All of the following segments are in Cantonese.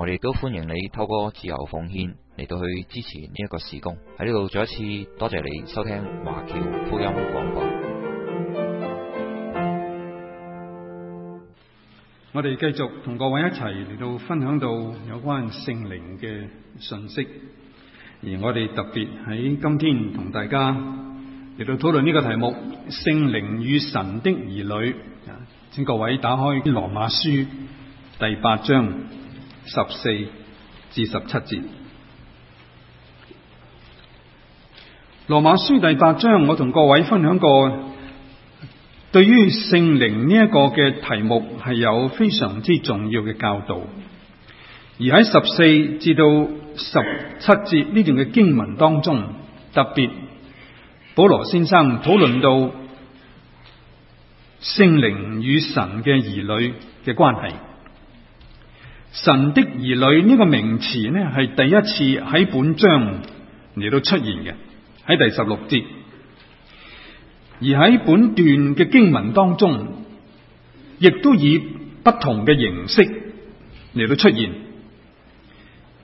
我哋都歡迎你透過自由奉獻嚟到去支持呢一個事工喺呢度。再一次多謝你收聽華僑福音廣播。 我哋繼續同各位一齊嚟到分享到有關聖靈嘅信息，而我哋特別喺今天同大家嚟到討論呢個題目：聖靈與神的兒女。請各位打開《羅馬書》第八章。十四至十七節，《羅馬書》第八章，我同各位分享過，對於聖靈呢一個嘅題目係有非常之重要嘅教導。而喺十四至到十七節呢段嘅經文當中，特別保羅先生討論到聖靈與神嘅兒女嘅關係。神的兒女呢個名詞呢係第一次喺本章嚟到出現嘅，喺第十六節。而喺本段嘅經文當中，亦都以不同嘅形式嚟到出現。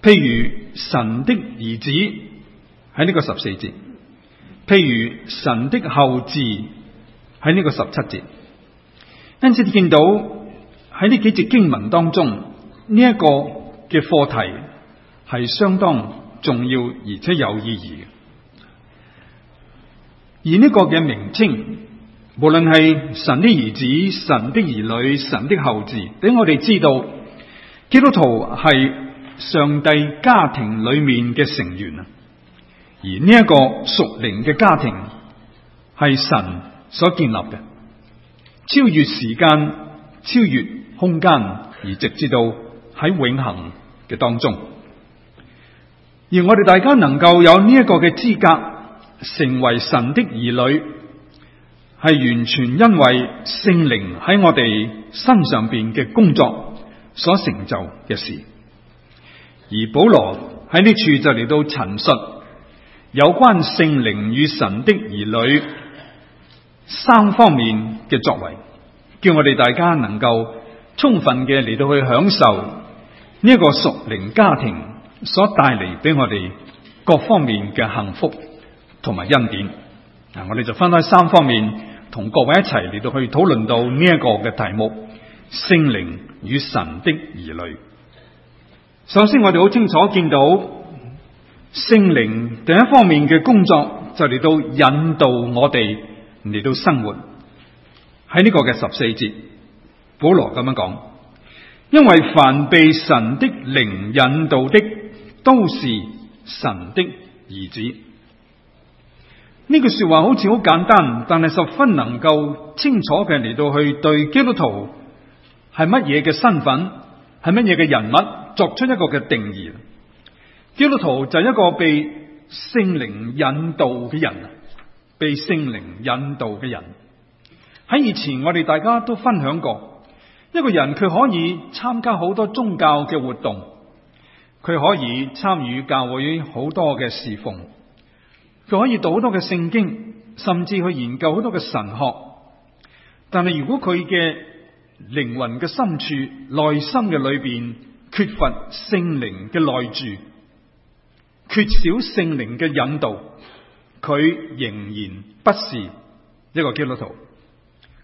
譬如神的兒子喺呢個十四節，譬如神的後嗣，喺呢個十七節。因此見到喺呢幾節經文當中。呢、這、一個嘅課題係相當重要而且有意義嘅，而呢個嘅名稱，無論係神的兒子、神的兒女、神的後子，俾我哋知道基督徒係上帝家庭裏面嘅成員啊。而呢一個屬靈嘅家庭係神所建立嘅，超越時間、超越空間而直至到。喺永恒嘅當中，而我哋大家能夠有呢一個嘅資格成為神的兒女，係完全因為聖靈喺我哋身上邊嘅工作所成就嘅事。而保羅喺呢處就嚟到陳述有關聖靈與神的兒女三方面嘅作為，叫我哋大家能夠充分嘅嚟到去享受。呢一個屬靈家庭所帶嚟俾我哋各方面嘅幸福同埋恩典，我哋就分開三方面同各位一齊嚟到去討論到呢一個嘅題目：聖靈與神的兒女。首先，我哋好清楚見到聖靈第一方面嘅工作就嚟到引導我哋嚟到生活。喺呢個嘅十四節，保羅咁樣講。因為凡被神的靈引導的，都是神的兒子。呢句說話好似好簡單，但係十分能夠清楚嘅嚟到去對基督徒係乜嘢嘅身份，係乜嘢嘅人物，作出一個嘅定義。基督徒就係一個被聖靈引導嘅人，被聖靈引導嘅人。喺以前我哋大家都分享過。一個人佢可以參加好多宗教嘅活動，佢可以參與教會好多嘅侍奉，佢可以讀好多嘅聖經，甚至去研究好多嘅神學。但係如果佢嘅靈魂嘅深處，內心嘅裏邊缺乏聖靈嘅內住，缺少聖靈嘅引導，佢仍然不是一個基督徒，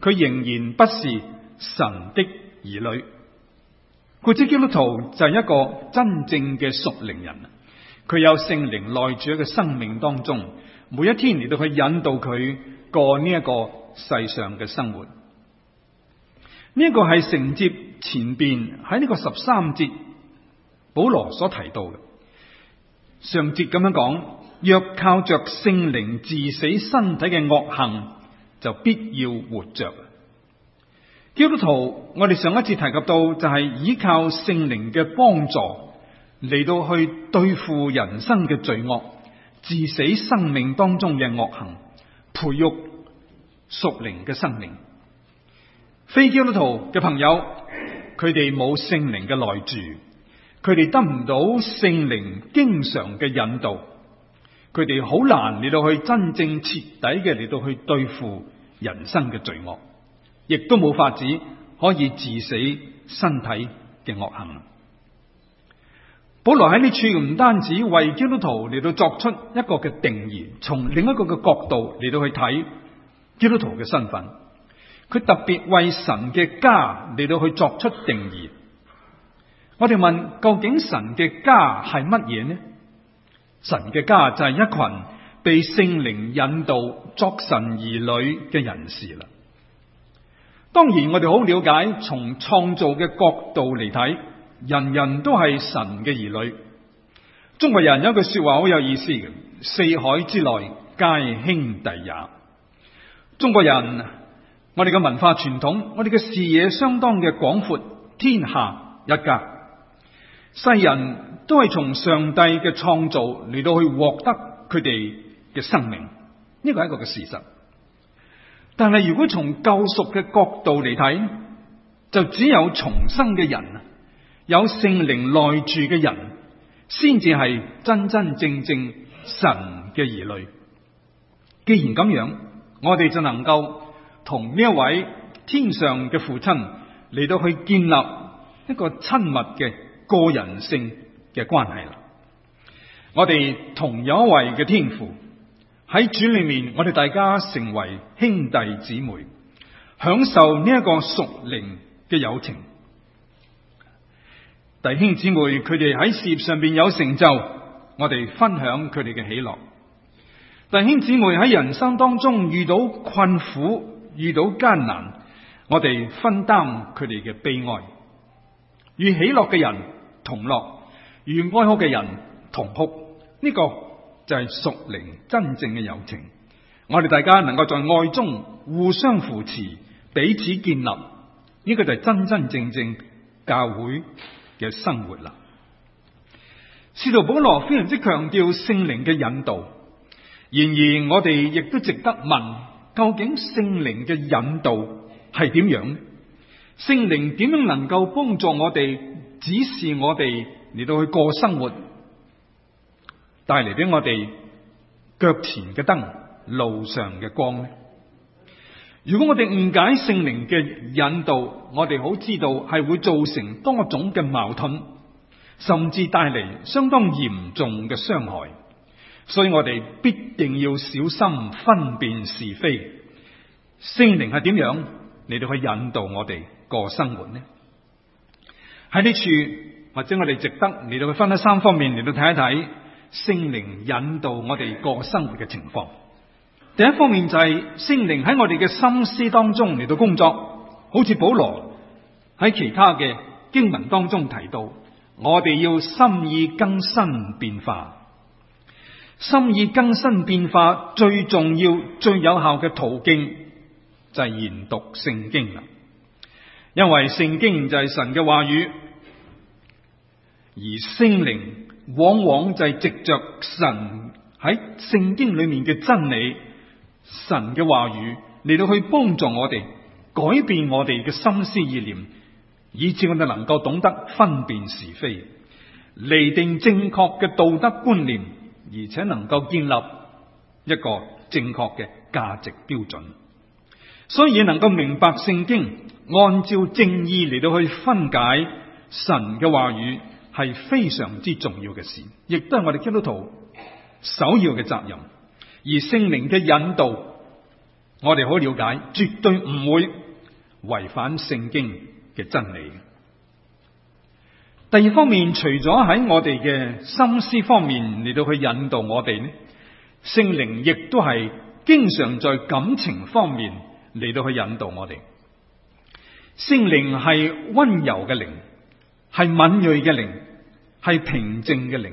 佢仍然不是。神的兒女，佢知基督徒就係一個真正嘅屬靈人，佢有聖靈內住喺佢生命當中，每一天嚟到去引導佢過呢一個世上嘅生活。呢、這、一個係承接前邊喺呢個十三節保羅所提到嘅，上節咁樣講，若靠着聖靈致死身體嘅惡行，就必要活着。基督徒，我哋上一次提及到就係依靠聖靈嘅幫助嚟到去對付人生嘅罪惡、致死生命當中嘅惡行，培育屬靈嘅生命。非基督徒嘅朋友，佢哋冇聖靈嘅內住，佢哋得唔到聖靈經常嘅引導，佢哋好難嚟到去真正徹底嘅嚟到去對付人生嘅罪惡。亦都冇法子可以治死身體嘅惡行。保羅喺呢處唔單止為基督徒嚟到作出一個嘅定義，從另一個嘅角度嚟到去睇基督徒嘅身份，佢特別為神嘅家嚟到去作出定義。我哋問究竟神嘅家係乜嘢呢？神嘅家就係一群被聖靈引導作神兒女嘅人士啦。當然，我哋好了解，從創造嘅角度嚟睇，人人都係神嘅兒女。中國人有句說話好有意思嘅：四海之內皆兄弟也。中國人，我哋嘅文化傳統，我哋嘅視野相當嘅廣闊，天下一家。世人都係從上帝嘅創造嚟到去獲得佢哋嘅生命，呢個係一個嘅事實。但係如果從救贖嘅角度嚟睇，就只有重生嘅人，有聖靈內住嘅人，先至係真真正正神嘅兒女。既然咁樣，我哋就能夠同呢一位天上嘅父親嚟到去建立一個親密嘅個人性嘅關係啦。我哋同有一位嘅天父。喺主裏面，我哋大家成為兄弟姊妹，享受呢一個屬靈嘅友情。弟兄姊妹，佢哋喺事業上邊有成就，我哋分享佢哋嘅喜樂。弟兄姊妹喺人生當中遇到困苦、遇到艱難，我哋分擔佢哋嘅悲哀，與喜樂嘅人同樂，與哀哭嘅人同哭。呢個就係屬靈真正嘅友情，我哋大家能夠在愛中互相扶持，彼此建立，呢、這個就係真真正正教會嘅生活啦。使徒保羅非常之強調聖靈嘅引導，然而我哋亦都值得問：究竟聖靈嘅引導係點樣？聖靈點樣能夠幫助我哋指示我哋嚟到去過生活？帶嚟俾我哋腳前嘅燈，路上嘅光呢。如果我哋誤解聖靈嘅引導，我哋好知道係會造成多種嘅矛盾，甚至帶嚟相當嚴重嘅傷害。所以我哋必定要小心分辨是非。聖靈係點樣嚟到去引導我哋過生活呢？喺呢處或者我哋值得嚟到去分開三方面嚟到睇一睇。聖靈引導我哋個生活嘅情況，第一方面就係聖靈喺我哋嘅心思當中嚟到工作，好似保羅喺其他嘅經文當中提到，我哋要心意更新變化，心意更新變化最重要、最有效嘅途徑就係研讀聖經啦，因為聖經就係神嘅話語，而聖靈。往往就係藉着神喺聖經裏面嘅真理，神嘅話語嚟到去幫助我哋改變我哋嘅心思意念，以致我哋能夠懂得分辨是非，釐定正確嘅道德觀念，而且能夠建立一個正確嘅價值標準，所以能夠明白聖經，按照正義嚟到去分解神嘅話語。係非常之重要嘅事，亦都係我哋基督徒首要嘅責任。而聖靈嘅引導，我哋好了解，絕對唔會違反聖經嘅真理。第二方面，除咗喺我哋嘅心思方面嚟到去引導我哋呢，聖靈亦都係經常在感情方面嚟到去引導我哋。聖靈係溫柔嘅靈，係敏銳嘅靈。係平靜嘅靈。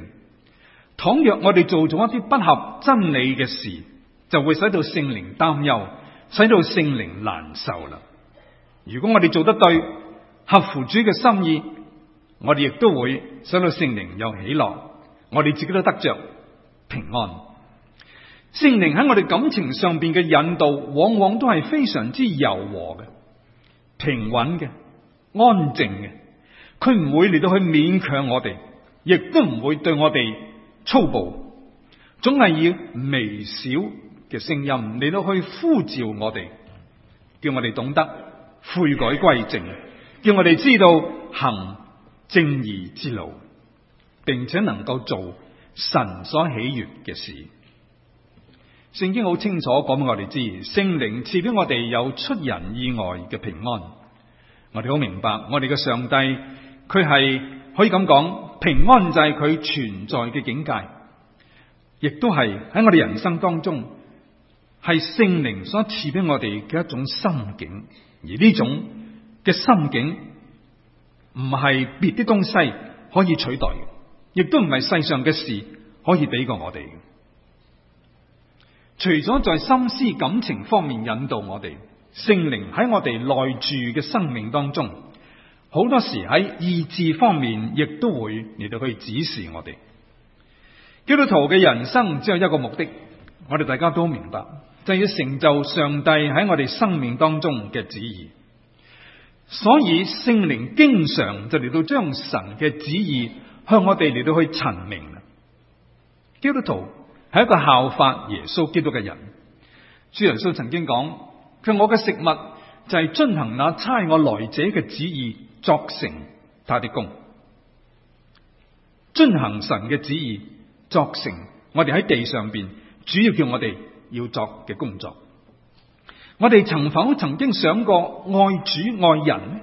倘若我哋做咗一啲不合真理嘅事，就會使到聖靈擔憂，使到聖靈難受啦。如果我哋做得對，合乎主嘅心意，我哋亦都會使到聖靈又喜樂，我哋自己都得着平安。聖靈喺我哋感情上邊嘅引導，往往都係非常之柔和嘅、平穩嘅、安靜嘅，佢唔會嚟到去勉強我哋。亦都唔會對我哋粗暴，總係以微小嘅聲音，你都去呼召我哋，叫我哋懂得悔改歸正，叫我哋知道行正義之路，並且能夠做神所喜悅嘅事。聖經好清楚講俾我哋知，聖靈賜俾我哋有出人意外嘅平安。我哋好明白，我哋嘅上帝佢係。可以咁講，平安就係佢存在嘅境界，亦都係喺我哋人生當中係聖靈所賜俾我哋嘅一種心境，而呢種嘅心境唔係別啲東西可以取代，亦都唔係世上嘅事可以俾過我哋。除咗在心思感情方面引導我哋，聖靈喺我哋內住嘅生命當中。好多時喺意志方面，亦都會嚟到去指示我哋。基督徒嘅人生只有一個目的，我哋大家都明白，就要成就上帝喺我哋生命當中嘅旨意。所以聖靈經常就嚟到將神嘅旨意向我哋嚟到去陳明。基督徒係一個效法耶穌基督嘅人。主耶穌曾經講：佢我嘅食物就係遵行那差我來者嘅旨意。作成他的功，遵行神嘅旨意，作成我哋喺地上邊主要叫我哋要做嘅工作。我哋曾否曾經想過愛主愛人，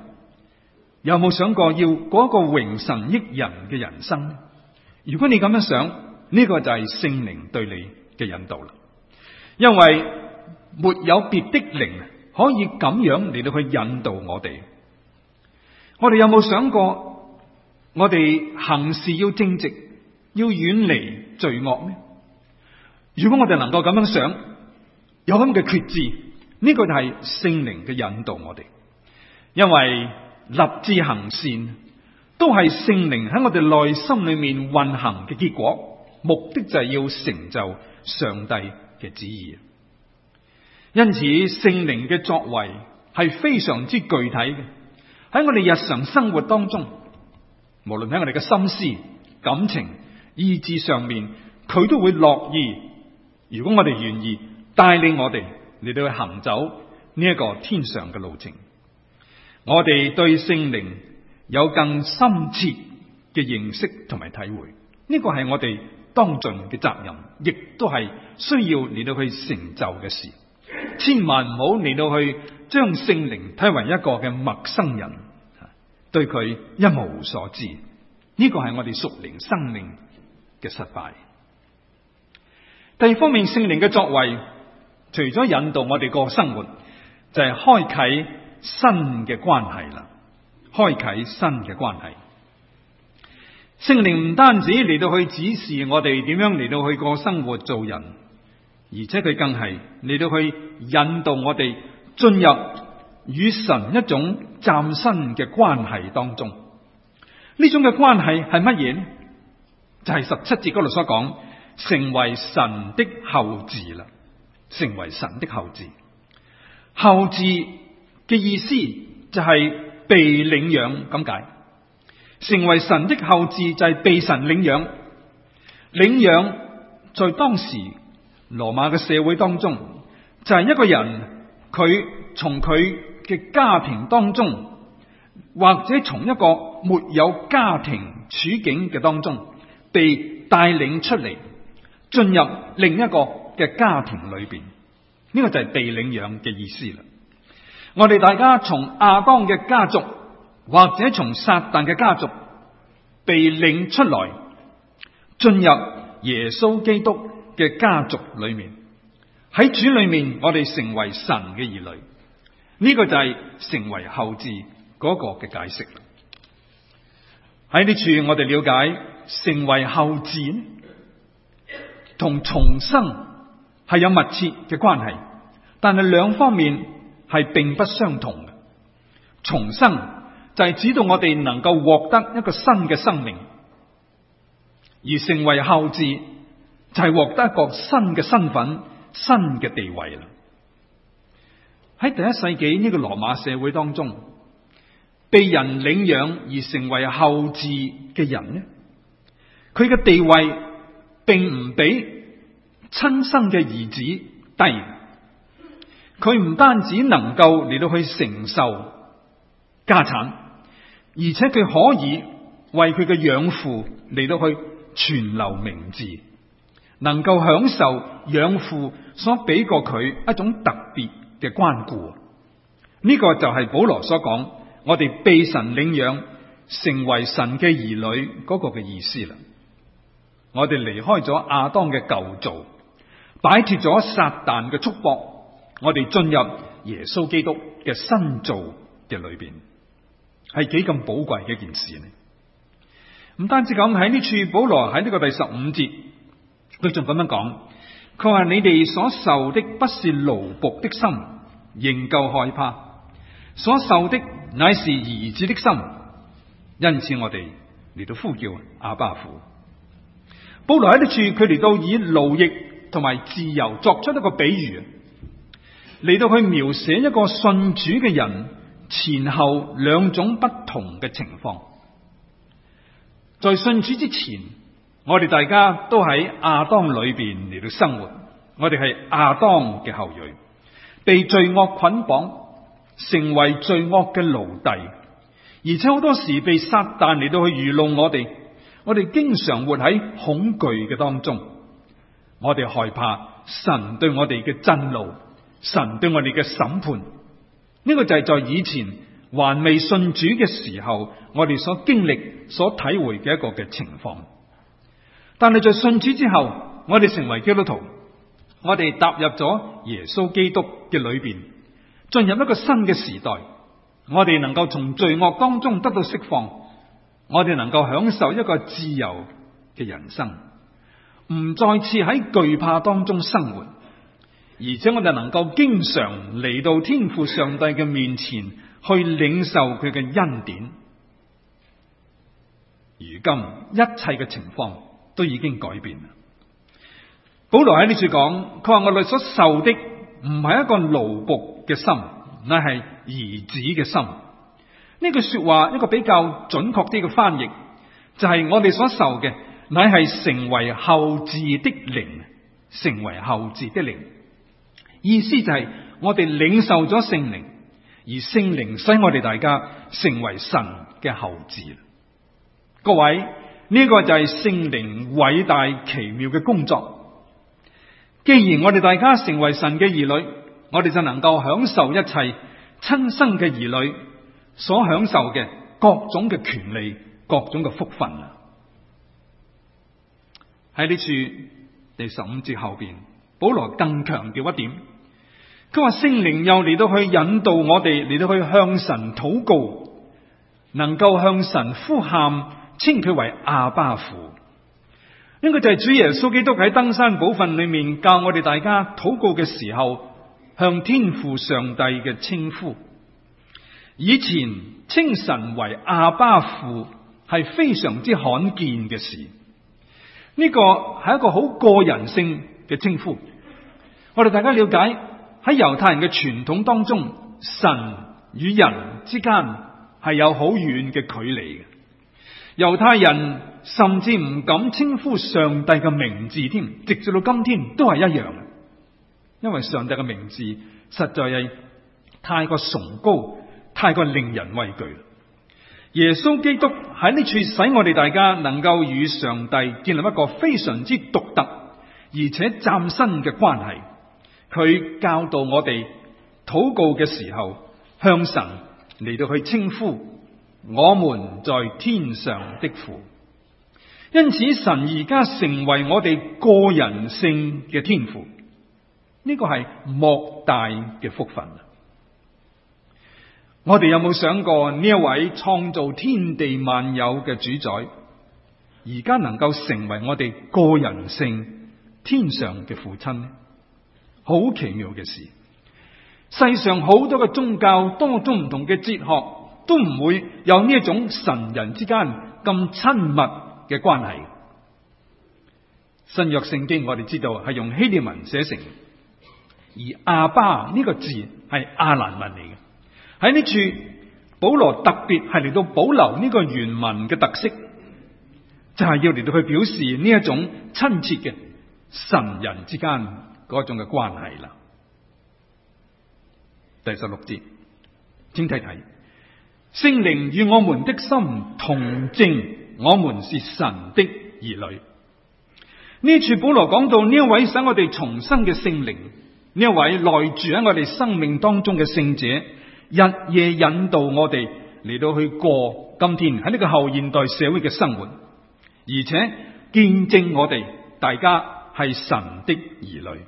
有冇想過要過一個榮神益人嘅人生？如果你咁樣想，呢個就係聖靈對你嘅引導啦。因為沒有別的靈可以咁樣嚟到去引導我哋。我哋有冇想過，我哋行事要正直，要遠離罪惡呢？如果我哋能夠咁樣想，有咁嘅決志，呢個就係聖靈嘅引導我哋。因為立志行善，都係聖靈喺我哋內心裏面運行嘅結果，目的就係要成就上帝嘅旨意。因此，聖靈嘅作為係非常之具體嘅。喺我哋日常生活當中，無論喺我哋嘅心思、感情、意志上面，佢都會樂意。如果我哋願意帶領我哋嚟到去行走呢一個天上嘅路程，我哋對聖靈有更深切嘅認識同埋體會。呢個係我哋當盡嘅責任，亦都係需要嚟到去成就嘅事。千萬唔好嚟到去將聖靈睇為一個嘅陌生人。對佢一無所知，呢個係我哋屬靈生命嘅失敗。第二方面，聖靈嘅作為，除咗引導我哋過生活，就係開啟新嘅關係啦，開啟新嘅關係。聖靈唔單止嚟到去指示我哋點樣嚟到去過生活做人，而且佢更係嚟到去引導我哋進入。與神一種嶄新嘅關係當中，呢種嘅關係係乜嘢呢？就係十七節嗰度所講，成為神的後嗣啦，成為神的後嗣，後嗣嘅意思就係被領養咁解，成為神的後嗣就係被神領養。領養在當時羅馬嘅社會當中，就係一個人佢從佢。嘅家庭當中，或者從一個沒有家庭處境嘅當中被帶領出嚟，進入另一個嘅家庭裏邊，呢個就係被領養嘅意思啦。我哋大家從亞當嘅家族，或者從撒旦嘅家族被領出來，進入耶穌基督嘅家族裏面，喺主裏面，我哋成為神嘅兒女。呢、這個就係成為後嗣嗰個嘅解釋。喺呢處我哋了解，成為後嗣同重生係有密切嘅關係，但係兩方面係並不相同嘅。重生就係指到我哋能夠獲得一個新嘅生命，而成為後嗣就係獲得一個新嘅身份、新嘅地位啦。喺第一世紀呢個羅馬社會當中，被人領養而成為後嗣嘅人呢，佢嘅地位並唔比親生嘅兒子低。佢唔單止能夠嚟到去承受家產，而且佢可以為佢嘅養父嚟到去傳留名字，能夠享受養父所俾過佢一種特別。嘅關顧，呢個就係保羅所講，我哋被神領養，成為神嘅兒女嗰個嘅意思啦。我哋離開咗亞當嘅舊造，擺脫咗撒旦嘅束縛，我哋進入耶穌基督嘅新造嘅裏邊，係幾咁寶貴嘅一件事呢？唔單止咁，喺呢處，保羅喺呢個第十五節，佢仲咁樣講，佢話你哋所受的不是奴僕的心。仍舊害怕，所受的乃是兒子的心，因此我哋嚟到呼叫阿巴父。保羅喺呢處佢嚟到以奴役同埋自由作出一個比喻，嚟到去描寫一個信主嘅人前後兩種不同嘅情況。在信主之前，我哋大家都喺亞當裏邊嚟到生活，我哋係亞當嘅後裔。被罪惡捆綁，成為罪惡嘅奴隸，而且好多時被撒旦嚟到去愚弄我哋，我哋經常活喺恐懼嘅當中，我哋害怕神對我哋嘅震怒，神對我哋嘅審判，呢、這個就係在以前還未信主嘅時候，我哋所經歷、所體會嘅一個嘅情況。但係在信主之後，我哋成為基督徒。我哋踏入咗耶穌基督嘅裏面，進入一個新嘅時代。我哋能夠從罪惡當中得到釋放，我哋能夠享受一個自由嘅人生，唔再次喺懼怕當中生活，而且我哋能夠經常嚟到天父上帝嘅面前去領受佢嘅恩典。如今一切嘅情況都已經改變啦。保羅喺呢處講，佢話我哋所受的唔係一個奴僕嘅心，乃係兒子嘅心。呢句說話一個比較準確啲嘅翻譯，就係、是、我哋所受嘅乃係成為後嗣的靈，成為後嗣的靈。意思就係我哋領受咗聖靈，而聖靈使我哋大家成為神嘅後嗣。各位，呢、這個就係聖靈偉大奇妙嘅工作。既然我哋大家成為神嘅兒女，我哋就能夠享受一切親生嘅兒女所享受嘅各種嘅權利、各種嘅福分啦。喺呢處第十五節後邊，保羅更強調一點，佢話聖靈又嚟到去引導我哋嚟到去向神禱告，能夠向神呼喊，稱佢為阿爸父。呢個就係主耶穌基督喺登山寶訓裏面教我哋大家禱告嘅時候向天父上帝嘅稱呼。以前稱神為阿爸父係非常之罕見嘅事，呢個係一個好個人性嘅稱呼。我哋大家了解喺猶太人嘅傳統當中，神與人之間係有好遠嘅距離嘅，猶太人。甚至唔敢稱呼上帝嘅名字，添，直至到今天都係一樣。因為上帝嘅名字實在係太過崇高，太過令人畏懼。耶穌基督喺呢處使我哋大家能夠與上帝建立一個非常之獨特而且嶄新嘅關係。佢教導我哋禱告嘅時候，向神嚟到去稱呼我們在天上的父。因此，神而家成為我哋個人性嘅天父，呢個係莫大嘅福分。我哋有冇想過呢一位創造天地萬有嘅主宰，而家能夠成為我哋個人性天上嘅父親呢？好奇妙嘅事！世上好多嘅宗教，多種唔同嘅哲學，都唔會有呢一種神人之間咁親密嘅關係，新約聖經我哋知道係用希臘文寫成，而阿爸呢、這個字係阿蘭文嚟嘅。喺呢處保羅特別係嚟到保留呢個原文嘅特色，就係、是、要嚟到去表示呢一種親切嘅神人之間嗰種嘅關係啦。第十六節，請睇睇，聖靈與我們的心同證。我們是神的兒女。呢次保羅講到呢一位使我哋重生嘅聖靈，呢一位內住喺我哋生命當中嘅聖者，日夜引導我哋嚟到去過今天喺呢個後現代社會嘅生活，而且見證我哋大家係神的兒女。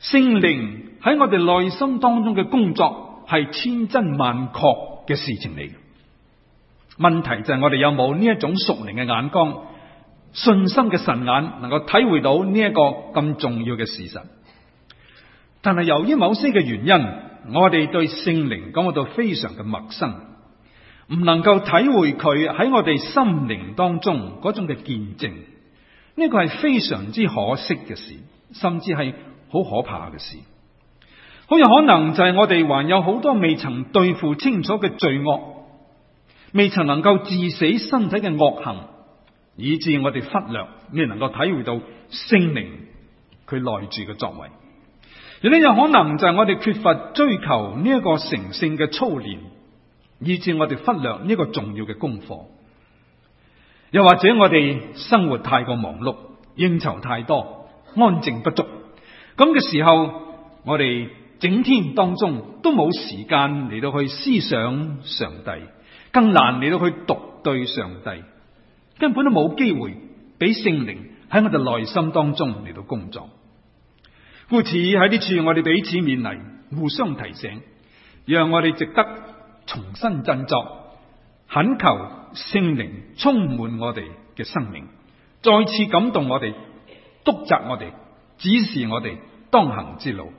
聖靈喺我哋內心當中嘅工作係千真萬確嘅事情嚟。問題就係我哋有冇呢一種屬靈嘅眼光，信心嘅神眼，能夠體會到呢一個咁重要嘅事實。但係由於某些嘅原因，我哋對聖靈感覺到非常嘅陌生，唔能夠體會佢喺我哋心靈當中嗰種嘅見證。呢個係非常之可惜嘅事，甚至係好可怕嘅事。好有可能就係我哋還有好多未曾對付清楚嘅罪惡。未曾能夠治死身體嘅惡行，以致我哋忽略，未能夠體會到聖靈佢內住嘅作為。有有可能就係我哋缺乏追求呢一個誠信嘅操練，以致我哋忽略呢個重要嘅功課。又或者我哋生活太過忙碌，應酬太多，安靜不足。咁嘅時候，我哋整天當中都冇時間嚟到去思想上帝。更難嚟到去獨對上帝，根本都冇機會俾聖靈喺我哋內心當中嚟到工作。故此喺呢處，我哋彼此勉勵，互相提醒，讓我哋值得重新振作，懇求聖靈充滿我哋嘅生命，再次感動我哋，督責我哋，指示我哋當行之路。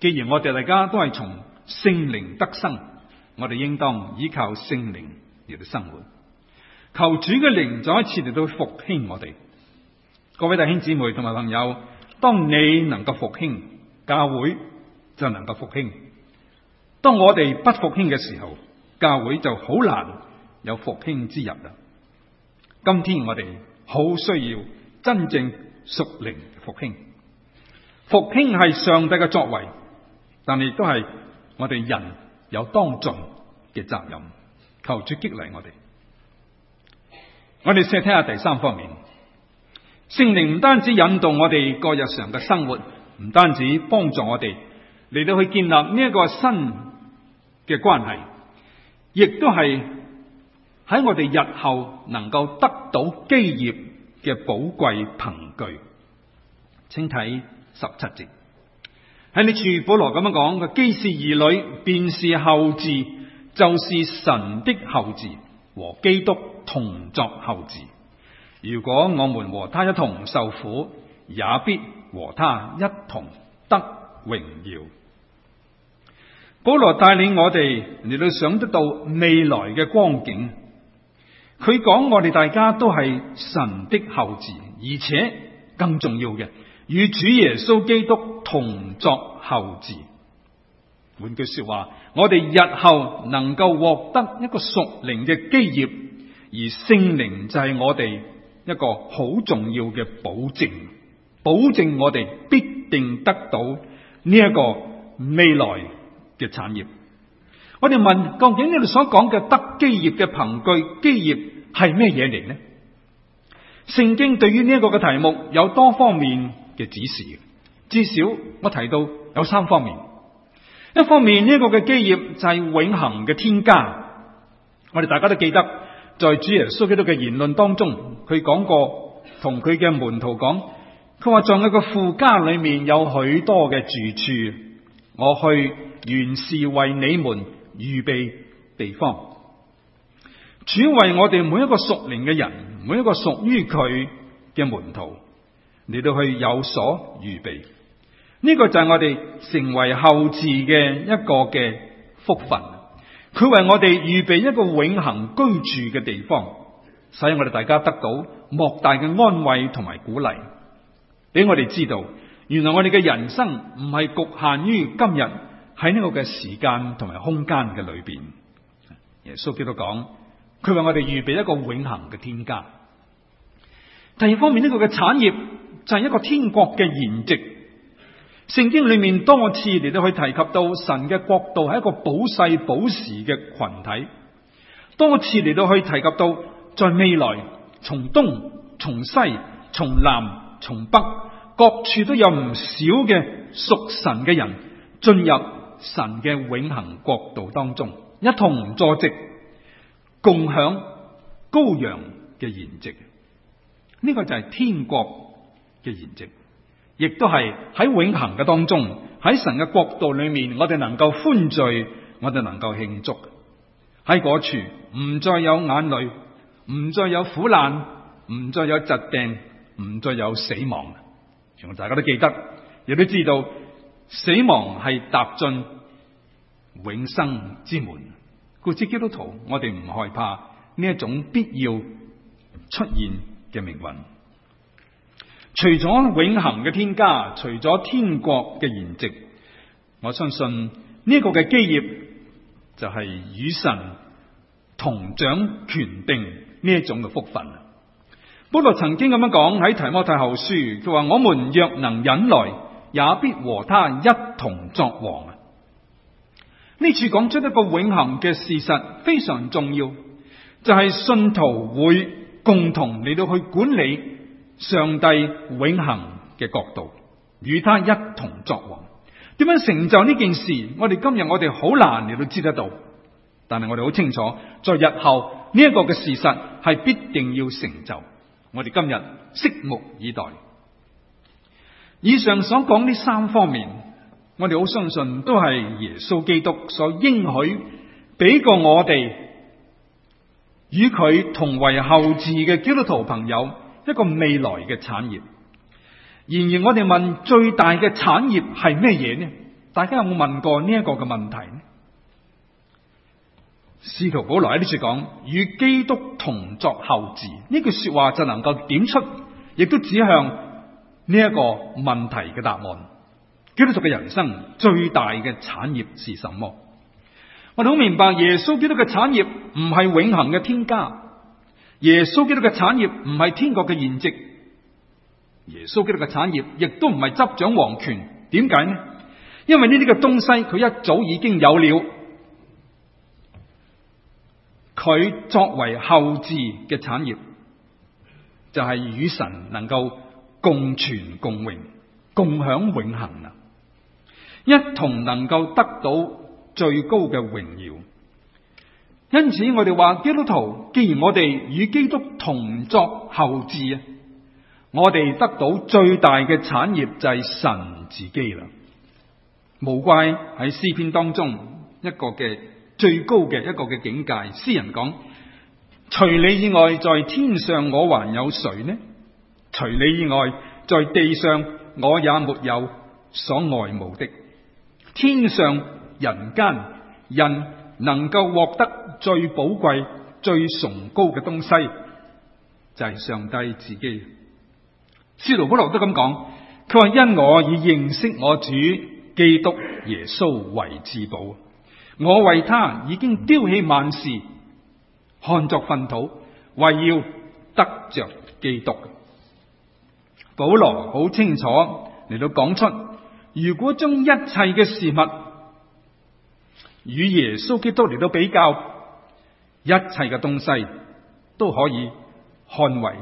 既然我哋大家都係從聖靈得生。我哋應當依靠聖靈嚟到生活，求主嘅靈再一次嚟到復興我哋。各位弟兄姊妹同埋朋友，當你能夠復興，教會就能夠復興。當我哋不復興嘅時候，教會就好難有復興之日啦。今天我哋好需要真正屬靈嘅復興，復興係上帝嘅作為，但係亦都係我哋人，有當眾嘅責任，求主激勵我哋。我哋試聽下第三方面，聖靈唔單止引導我哋過日常嘅生活，唔單止幫助我哋嚟到去建立呢一個新嘅關係，亦都係喺我哋日後能夠得到基業嘅寶貴憑據。請睇十七節。喺呢處保羅咁樣講，佢既是兒女，便是後嗣，就是神的後嗣，和基督同作後嗣。如果我們和他一同受苦，也必和他一同得榮耀。保羅帶領我哋嚟到想得到未來嘅光景。佢講我哋大家都係神的後嗣，而且更重要嘅。與主耶穌基督同作後嗣。換句說話，我哋日後能夠獲得一個屬靈嘅基業，而聖靈就係我哋一個好重要嘅保證，保證我哋必定得到呢一個未來嘅產業。我哋問，究竟呢度所講嘅得基業嘅憑據，基業係咩嘢嚟呢？聖經對於呢一個嘅題目有多方面。嘅指示，至少我提到有三方面。一方面呢個嘅基業就係永恆嘅天家，我哋大家都記得，在主耶穌基督嘅言論當中，佢講過同佢嘅門徒講，佢話在佢個父家裏面有許多嘅住處，我去原是為你們預備地方，主為我哋每一個屬靈嘅人，每一個屬於佢嘅門徒，你都去有所預備，呢個就係我哋成為後嗣嘅一個嘅福分。佢為我哋預備一個永恒居住嘅地方，所以我哋大家得到莫大嘅安慰同埋鼓勵，俾我哋知道，原來我哋嘅人生唔係局限於今日喺呢個嘅時間同埋空間嘅裏邊。耶穌基督講，佢為我哋預備一個永恒嘅天家。第二方面呢個嘅產業。就係、是、一個天國嘅筵席。聖經裡面多次嚟到去提及到神嘅國度係一個保世保時嘅群體，多次嚟到去提及到，在未來從東、從西、從南、從北，各處都有唔少嘅屬神嘅人進入神嘅永恆國度當中，一同坐席，共享羔羊嘅筵席。呢、這個就係天國。嘅筵席，亦都係喺永恒嘅當中，喺神嘅國度裏面，我哋能夠歡聚，我哋能夠慶祝。喺嗰處唔再有眼淚，唔再有苦難，唔再有疾病，唔再有死亡。希望大家都記得，亦都知道死亡係踏進永生之門。故此基督徒，我哋唔害怕呢一種必要出現嘅命運。除咗永恆嘅天家，除咗天國嘅延值，我相信呢個嘅基業就係與神同掌權定呢一種嘅福分。保羅曾經咁樣講喺提摩太後書，佢話：我們若能忍耐，也必和他一同作王。呢次講出一個永恆嘅事實，非常重要，就係、是、信徒會共同嚟到去管理。上帝永恒嘅國度，與他一同作王。點樣成就呢件事？我哋今日我哋好難嚟到知得到，但係我哋好清楚，在日後呢一個嘅事實係必定要成就。我哋今日拭目以待。以上所講呢三方面，我哋好相信都係耶穌基督所應許俾過我哋，與佢同為後嗣嘅基督徒朋友。一個未來嘅產業，然而我哋問，最大嘅產業係咩嘢呢？大家有冇問過呢一個嘅問題呢？使徒保羅喺呢處講，與基督同作後嗣，呢句說話就能夠點出，亦都指向呢一個問題嘅答案。基督徒嘅人生最大嘅產業是什麼？我哋好明白，耶穌基督嘅產業唔係永恆嘅天家。耶穌基督嘅產業唔係天國嘅現值，耶穌基督嘅產業亦都唔係執掌皇權。點解呢？因為呢啲嘅東西佢一早已經有了，佢作為後置嘅產業，就係、是、與神能夠共存共榮、共享永恆啊，一同能夠得到最高嘅榮耀。因此我哋話基督徒，既然我哋與基督同作後嗣啊，我哋得到最大嘅產業就係神自己啦。無怪喺詩篇當中一個嘅最高嘅一個嘅境界，詩人講：除你以外，在天上我還有誰呢？除你以外，在地上我也沒有所愛慕的。天上人間人。能夠獲得最寶貴、最崇高嘅東西，就係、是、上帝自己。使徒保羅都咁講，佢話因我以認識我主基督耶穌為至寶，我為他已經丟棄萬事，看作糞土，為要得着基督。保羅好清楚嚟到講出，如果將一切嘅事物，與耶穌基督嚟到比較，一切嘅東西都可以看為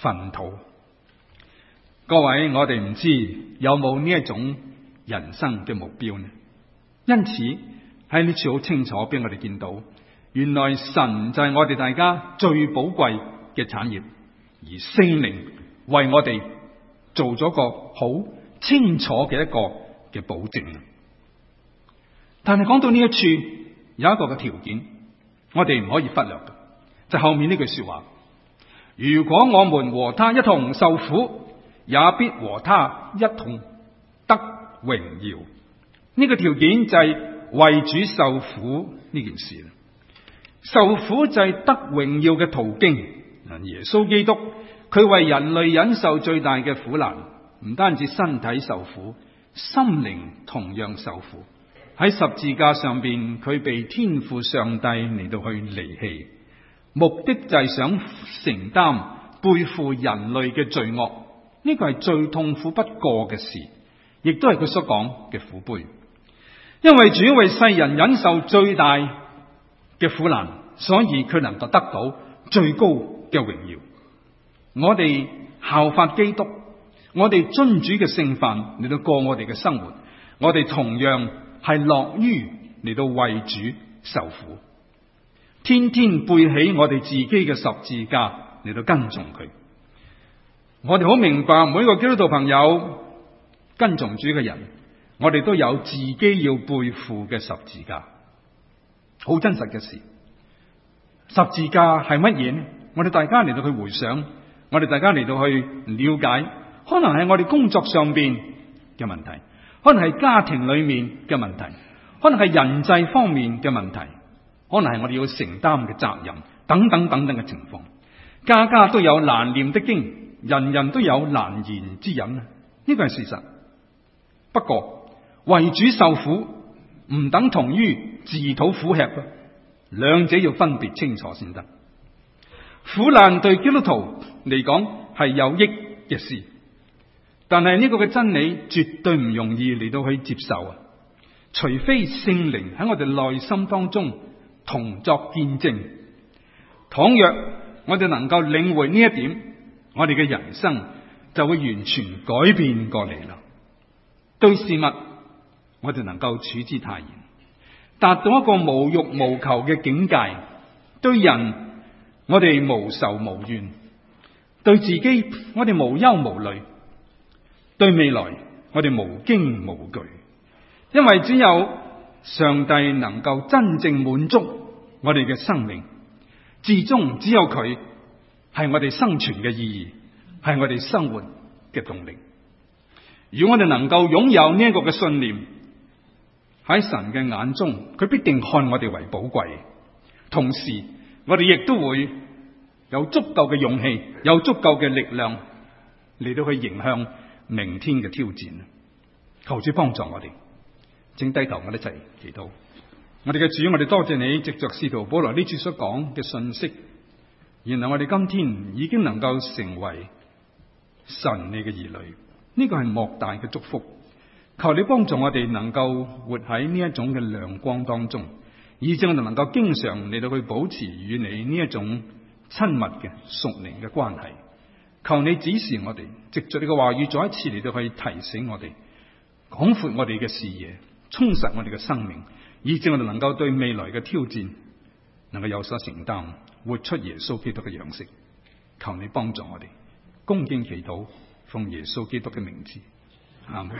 糞土。各位，我哋唔知道有冇呢一種人生嘅目標呢？因此喺呢次好清楚俾我哋見到，原來神就係我哋大家最寶貴嘅產業，而聖靈為我哋做咗個好清楚嘅一個嘅保證。但係講到呢一處有一個嘅條件，我哋唔可以忽略嘅就後面呢句說話：如果我們和他一同受苦，也必和他一同得榮耀。呢個條件就係為主受苦呢件事。受苦就係得榮耀嘅途徑。耶穌基督佢為人類忍受最大嘅苦難，唔單止身體受苦，心靈同樣受苦。喺十字架上邊，佢被天父上帝嚟到去離棄，目的就係想承擔背負人類嘅罪惡。呢個係最痛苦不過嘅事，亦都係佢所講嘅苦悲。因為主為世人忍受最大嘅苦難，所以佢能夠得到最高嘅榮耀。我哋效法基督，我哋尊主嘅聖範嚟到過我哋嘅生活，我哋同樣。係樂於嚟到為主受苦，天天背起我哋自己嘅十字架嚟到跟蹤佢。我哋好明白，每個基督徒朋友跟從主嘅人，我哋都有自己要背負嘅十字架，好真實嘅事。十字架係乜嘢呢？我哋大家嚟到去回想，我哋大家嚟到去了解，可能係我哋工作上邊嘅問題。可能係家庭裏面嘅問題，可能係人際方面嘅問題，可能係我哋要承擔嘅責任，等等等等嘅情況。家家都有難念的經，人人都有難言之隱，呢個係事實。不過為主受苦唔等同於自討苦吃，兩者要分別清楚先得。苦難對基督徒嚟講係有益嘅事。但係呢個嘅真理絕對唔容易嚟到去接受啊！除非聖靈喺我哋內心當中同作見證。倘若我哋能夠領會呢一點，我哋嘅人生就會完全改變過嚟啦。對事物，我哋能夠處之泰然，達到一個無欲無求嘅境界；對人，我哋無仇無怨；對自己，我哋無憂無慮。對未來，我哋無驚無懼，因為只有上帝能夠真正滿足我哋嘅生命，至終只有佢係我哋生存嘅意義，係我哋生活嘅動力。如果我哋能夠擁有呢一個嘅信念，喺神嘅眼中，佢必定看我哋為寶貴。同時，我哋亦都會有足夠嘅勇氣，有足夠嘅力量嚟到去影響。明天嘅挑戰，求主幫助我哋，請低頭我哋一齊祈禱。我哋嘅主，我哋多謝你，藉著使徒保羅呢次所講嘅信息，原來我哋今天已經能夠成為神你嘅兒女，呢個係莫大嘅祝福。求你幫助我哋，能夠活喺呢一種嘅亮光當中，以至我哋能夠經常嚟到去保持與你呢一種親密嘅屬靈嘅關係。求你指示我哋，藉着你嘅話語再一次嚟到去提醒我哋，廣闊我哋嘅視野，充實我哋嘅生命，以至我哋能夠對未來嘅挑戰能夠有所承擔，活出耶穌基督嘅樣式。求你幫助我哋，恭敬祈禱，奉耶穌基督嘅名字。阿門。